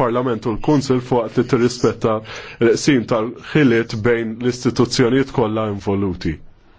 Parlament u l-Kunsil fuq li tirrispetta l-qsim tal-ħiliet bejn l-istituzzjonijiet kollha involuti.